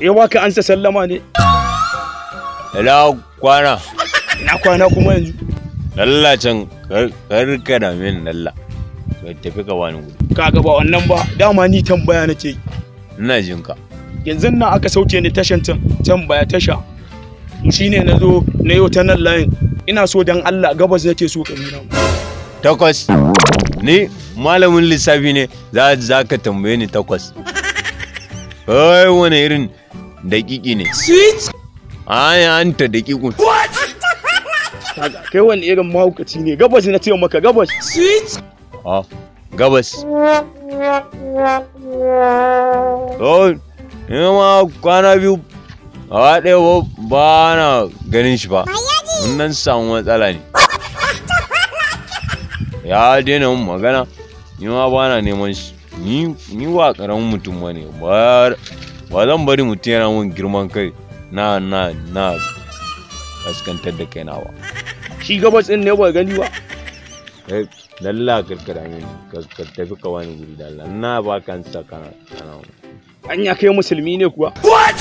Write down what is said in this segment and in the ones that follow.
yawa ka ansa sallama ne ila kwana ina kwana kuma yanzu lalla can karka da min lalla ka tafi ka wani gudu ka ga ba wannan ba dama ni tambaya nake ina jin ka yanzu nan aka sauke ni tashan can tambaya tasha shine na zo na yau ta nan layin ina so dan Allah gabas nake so kan nan takwas ni malamin lissafi ne za ka tambaye ni takwas Ai, wani irin daƙiƙi ne sweet ai anta daƙiƙun what kai wani irin mahaukaci ne gabas na ce maka gabas sweet ah gabas to ni ma kwana biyu a ɗaya ba na ganin shi ba nan samu matsala ne ya daina mun magana ni ma ba na neman shi ni wa karamin mutum ba ne ba zan bari mutum yana mun girman kai na na na kaskantar da kaina ba shi gabas ɗin ne ba gani ba eh lalla karkara ne ka tafi ka wani guri da Allah na ba kan sa kana kana an ya kai musulmi ne kuwa what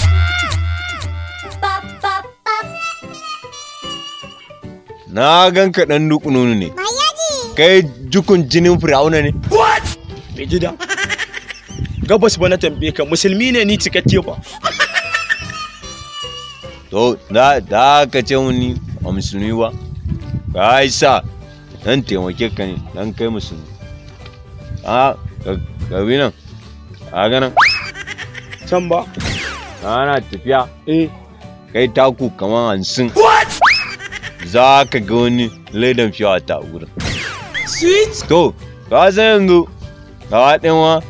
na gan ka dan dukununu ne kai jukun jinin fir'auna ne what me jida gabas ba na tambaye ka musulmi ne ni cikakke ba to da da ka ce ni a musulmi ba ka yi sa dan taimake ka ne dan kai musulmi a ka bi nan a ganin can ba ana tafiya eh kai taku kamar hansin za ka ga wani laidan fiye a ta wurin to ka san yanzu ka haɗin wa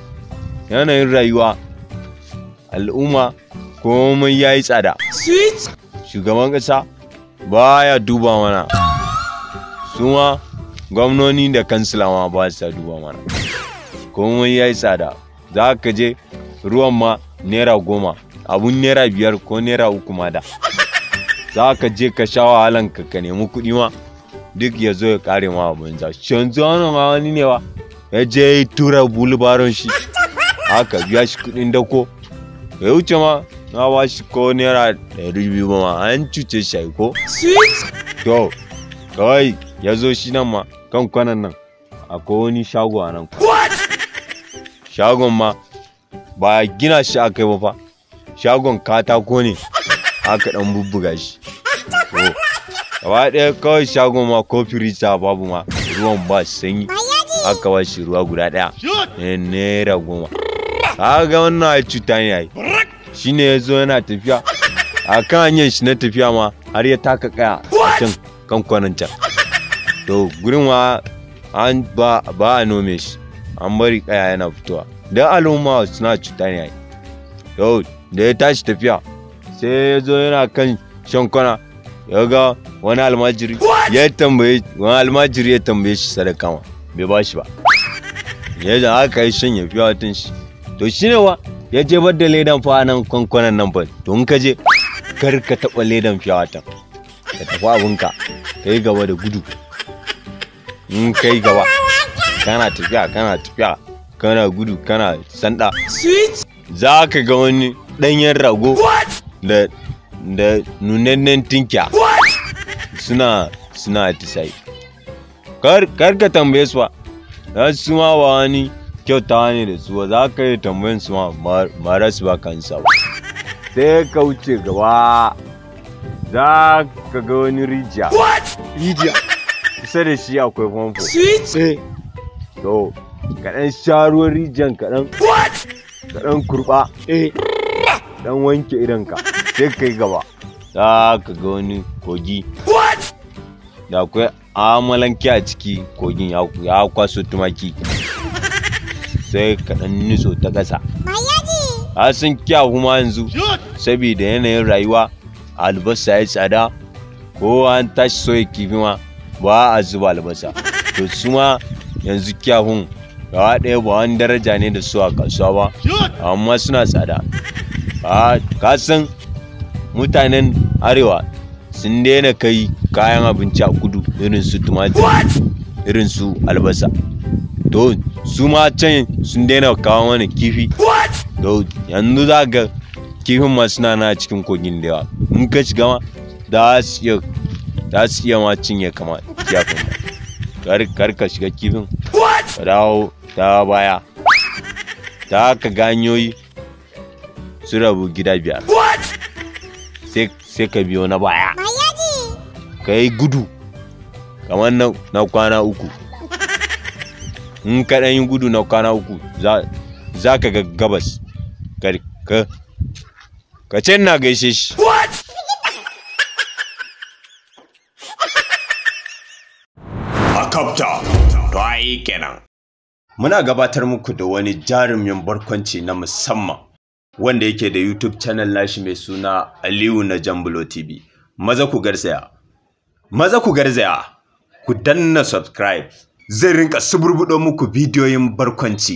yanayin rayuwa al'umma komai ya yi tsada shugaban ƙasa ya duba mana suma gwamnoni da kansila ma ba sa duba mana komai ya yi tsada za ka je ruwan ma naira goma abun naira biyar ko naira uku ma da za ka je ka sha wahalan ka ka nemi kuɗi ma duk ya zo ya kare ma abin za yanzu wani ma wani ne ba ya je tura bulubaron shi aka biya shi kuɗin dako ya wuce ma na ba shi ko naira ɗari biyu ma an cuce shi ko to kawai ya zo shi nan ma kan kwanan nan akwai wani shago a nan shagon ma ba gina shi aka yi ba fa shagon katako ne aka ɗan bubbuga shi gaba ɗaya kawai shagon ma ko firita babu ma ruwan ba sanyi aka ba shi ruwa guda ɗaya eh, naira goma a ga wannan ai cuta ne shi ne ya zo yana tafiya a kan hanyar shi na tafiya ma har ya taka kaya a cikin kan kwanan can to gurin wa an ba a nome shi an bari kaya yana fitowa da al'umma suna cuta ne ai to da ya tashi tafiya sai ya zo yana kan shan kwana ya ga wani almajiri ya tambaye wani almajiri ya tambaye shi sadaka ma bai ba shi ba ya da aka yi shan ya fi watan shi to shi ne wa ya jebar da ledan fa nan kwankwanan nan fa to in ka je kar ka taɓa ledan fiya watan ka tafi abinka ka yi gaba da gudu in ka yi gaba kana tafiya kana tafiya kana gudu kana sanda za ka ga wani ɗanyen rago da da nunannen tinkya suna suna atisai kar ka tambaye su ba za su ma wa wani kyauta ne da su za ka yi tambayin su mara su ba kansa ba sai ka wuce gaba za ka ga wani rijiya rijiya kusa da shi akwai famfo eh. to kaɗan sha ruwan rijiyan kaɗan kaɗan kurɓa dan eh. wanke idanka sai ka yi gaba za ka ga wani kogi da akwai amalanke a ciki kogin ya kwaso tumaki sai ka dan nitso ta ƙasa a sun kya kuma yanzu saboda yanayin rayuwa albasa ya tsada ko an tashi soya kifi ma ba a zuba albasa to su ma yanzu kyahun gawa ɗaya ba wani daraja ne da su a kasuwa ba amma suna tsada ka san mutanen arewa sun daina kai kayan abinci a kudu irin su tumatir irin su albasa to su ma can sun daina kawo mana kifi to yanzu za ga kifin ma suna na cikin kogin da yawa in ka shiga ma da su iya ma cinye kama kiyafin kar ka shiga kifin ka dawo ta baya ta haka ganyoyi su rabu gida biyar sai ka biyo na baya ka yi gudu kamar na kwana uku in ka yi gudu na kwana uku za ka ga gabas ka ce na gaishe shi a kafta muna gabatar muku da wani jarumin barkwanci na musamman wanda yake da youtube channel nashi mai suna aliyu na jambulo tv maza ku garzaya maza ku garzaya ku danna subscribe zai rinka suburbuɗo muku bidiyoyin barkwanci